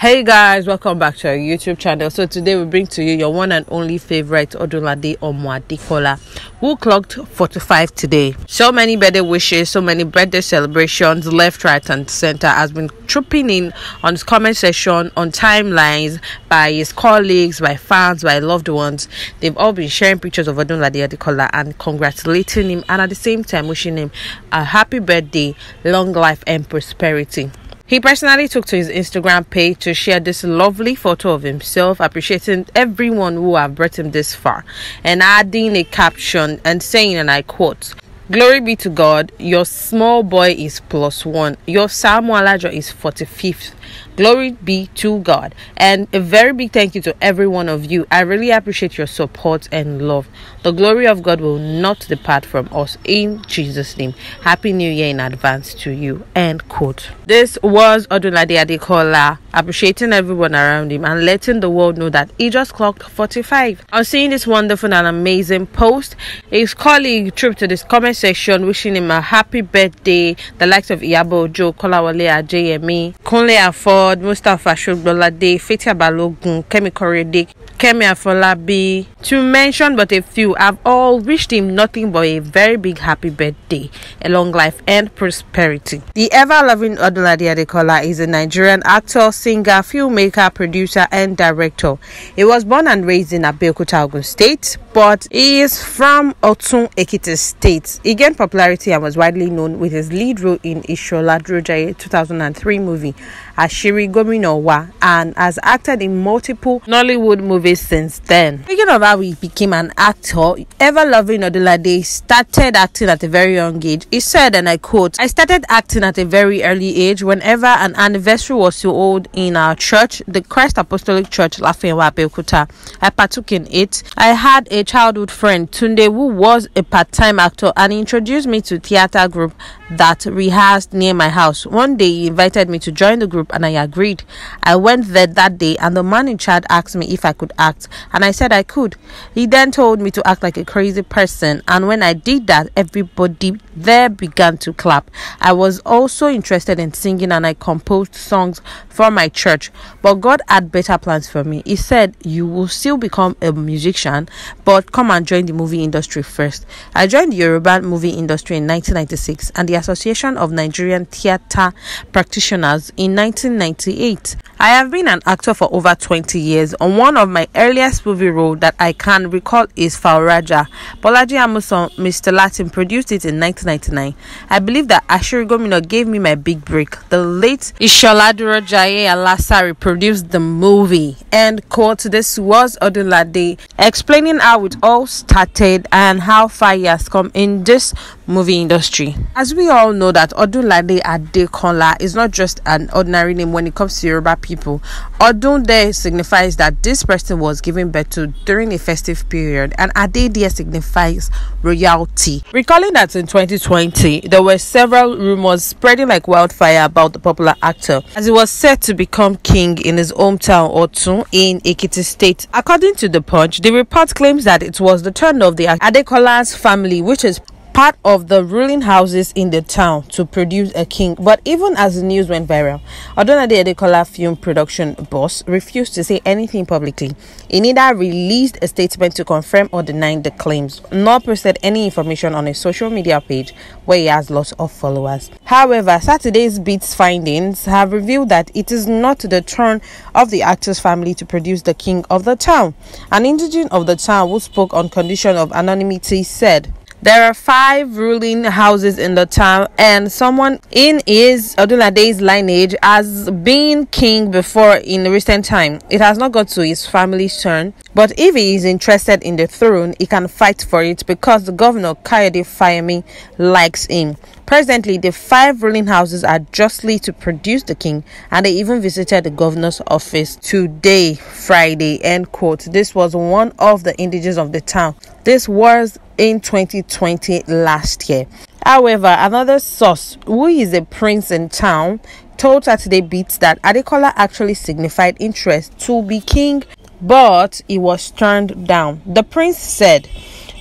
Hey guys, welcome back to our YouTube channel. So today we bring to you your one and only favorite Odunlade Omwadekola, who clocked 45 today. So many birthday wishes, so many birthday celebrations, left, right, and center has been trooping in on his comment section, on timelines, by his colleagues, by fans, by loved ones. They've all been sharing pictures of Odunlade Adekola and congratulating him, and at the same time wishing him a happy birthday, long life, and prosperity. He personally took to his Instagram page to share this lovely photo of himself, appreciating everyone who have brought him this far, and adding a caption and saying, and I quote, Glory be to God, your small boy is plus one, your Samuel Alajo is 45th, Glory be to God. And a very big thank you to every one of you. I really appreciate your support and love. The glory of God will not depart from us in Jesus' name. Happy New Year in advance to you. End quote. This was Odunlade Adekola appreciating everyone around him and letting the world know that he just clocked 45. I was seeing this wonderful and amazing post. His colleague tripped to this comment section wishing him a happy birthday. The likes of Yabo, Joe, Wale, JME, Kunle Afod, Mustafa Shogbolade, Fetia Balogun, Kemi Korede, Kemi Afolabi, to mention but a few, have all wished him nothing but a very big happy birthday, a long life and prosperity. The ever-loving Odunlade Adekola is a Nigerian actor, singer, filmmaker, producer, and director. He was born and raised in Abeokuta, Ogun State, but he is from Otun Ekiti State. He gained popularity and was widely known with his lead role in Ishola Drojaye 2003 movie, Ashiri Gominowa, and has acted in multiple Nollywood movies since then. Speaking of how he became an actor, ever loving Odulade started acting at a very young age. He said, and I quote, I started acting at a very early age. Whenever an anniversary was so old, in our church, the Christ Apostolic Church, Lafayette Abeokuta. I partook in it. I had a childhood friend, Tunde, who was a part-time actor and introduced me to theater group that rehearsed near my house. One day he invited me to join the group and I agreed. I went there that day and the man in charge asked me if I could act and I said I could. He then told me to act like a crazy person and when I did that everybody there began to clap. I was also interested in singing and I composed songs for my my church, but God had better plans for me. He said, You will still become a musician, but come and join the movie industry first. I joined the Yoruba movie industry in 1996 and the Association of Nigerian Theatre Practitioners in 1998. I have been an actor for over 20 years. On one of my earliest movie roles that I can recall is Fauraja. Bolaji Amuson, Mr. Latin, produced it in 1999. I believe that Ashiri Gomino gave me my big break. The late Ishola Jaye Alasa produced the movie. End quote. This was Odunlade explaining how it all started and how far he has come in this movie industry. As we all know that Odunlade Adekola is not just an ordinary name when it comes to Yoruba people. Odunde signifies that this person was given birth to during a festive period and Adedia signifies royalty. Recalling that in 2020, there were several rumors spreading like wildfire about the popular actor as he was said to be become king in his hometown Otun in Ikiti State. According to The Punch, the report claims that it was the turn of the Adekolas family, which is part of the ruling houses in the town to produce a king. But even as the news went viral, Adonade Adekola film production boss refused to say anything publicly. He neither released a statement to confirm or deny the claims, nor posted any information on his social media page where he has lots of followers. However, Saturday's Beats findings have revealed that it is not the turn of the actor's family to produce the king of the town. An indigent of the town who spoke on condition of anonymity said, there are five ruling houses in the town, and someone in his Odulade's lineage has been king before in recent time. It has not got to his family's turn, but if he is interested in the throne, he can fight for it because the governor Kayode Fayemi likes him. Presently, the five ruling houses are justly to produce the king, and they even visited the governor's office today, Friday. End quote. This was one of the indigenous of the town. This was in 2020 last year. However, another source, who is a prince in town, told Saturday Beats that Adekola actually signified interest to be king, but it was turned down. The prince said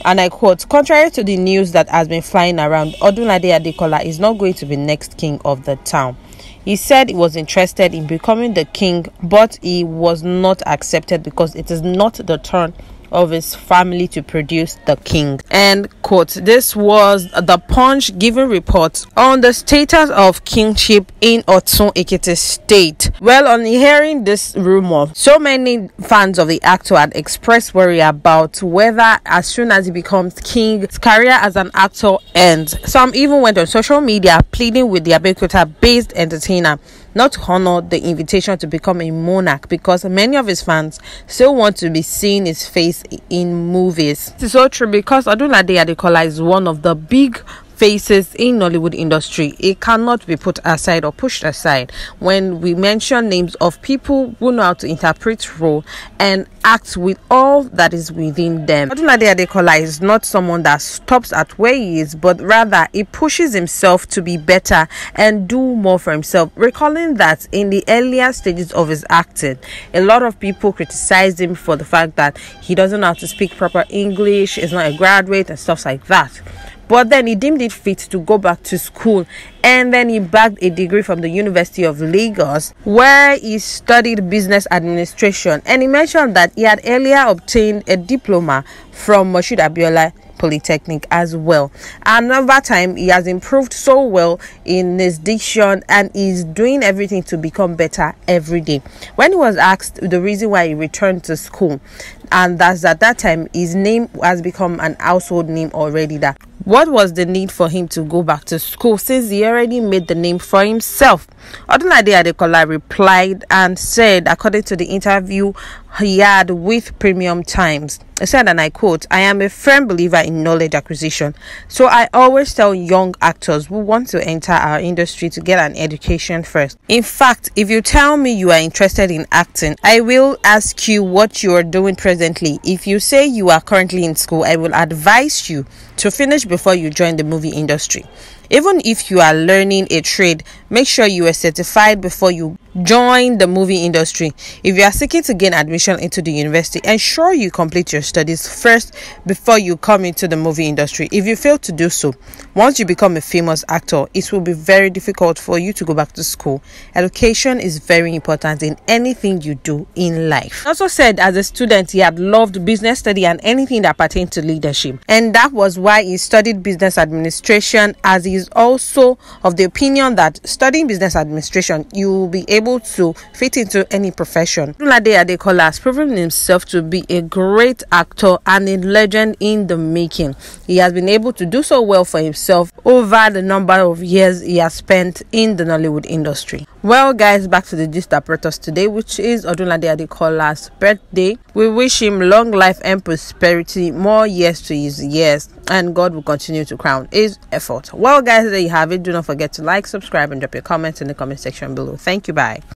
and I quote, contrary to the news that has been flying around, Odunade Adekola is not going to be next king of the town. He said he was interested in becoming the king, but he was not accepted because it is not the turn of his family to produce the king. And quote. This was the Punch given report on the status of kingship in Otsun Ikiti state. Well, on hearing this rumor, so many fans of the actor had expressed worry about whether as soon as he becomes king, his career as an actor ends. Some even went on social media pleading with the Abekota based entertainer not honor the invitation to become a monarch because many of his fans still want to be seeing his face in movies. It's so true because Adunade Adekola is one of the big faces in Nollywood industry. It cannot be put aside or pushed aside. When we mention names of people who know how to interpret role and act with all that is within them. Odunade Adekola is not someone that stops at where he is, but rather he pushes himself to be better and do more for himself. Recalling that in the earlier stages of his acting, a lot of people criticized him for the fact that he doesn't know how to speak proper English, is not a graduate, and stuff like that. But then he deemed it fit to go back to school and then he bagged a degree from the University of Lagos where he studied business administration. And he mentioned that he had earlier obtained a diploma from Moshood Abiola Polytechnic as well. Another time, he has improved so well in his diction and is doing everything to become better every day. When he was asked the reason why he returned to school, and that's at that time his name has become an household name already that what was the need for him to go back to school since he already made the name for himself? Odunade Adekola replied and said, according to the interview he had with Premium Times, he said, and I quote, I am a firm believer in knowledge acquisition. So I always tell young actors who want to enter our industry to get an education first. In fact, if you tell me you are interested in acting, I will ask you what you are doing presently presently, if you say you are currently in school, I will advise you to finish before you join the movie industry. Even if you are learning a trade, make sure you are certified before you Join the movie industry. If you are seeking to gain admission into the university, ensure you complete your studies first before you come into the movie industry. If you fail to do so, once you become a famous actor, it will be very difficult for you to go back to school. Education is very important in anything you do in life. He also said as a student, he had loved business study and anything that pertained to leadership. And that was why he studied business administration as he is also of the opinion that studying business administration, you will be able able to fit into any profession. Olade Adekola has proven himself to be a great actor and a legend in the making. He has been able to do so well for himself over the number of years he has spent in the Nollywood industry. Well, guys, back to the gist Apparatus today, which is Odunlade Adekola's birthday. We wish him long life and prosperity, more years to his years, and God will continue to crown his effort. Well, guys, there you have it. Do not forget to like, subscribe, and drop your comments in the comment section below. Thank you. Bye.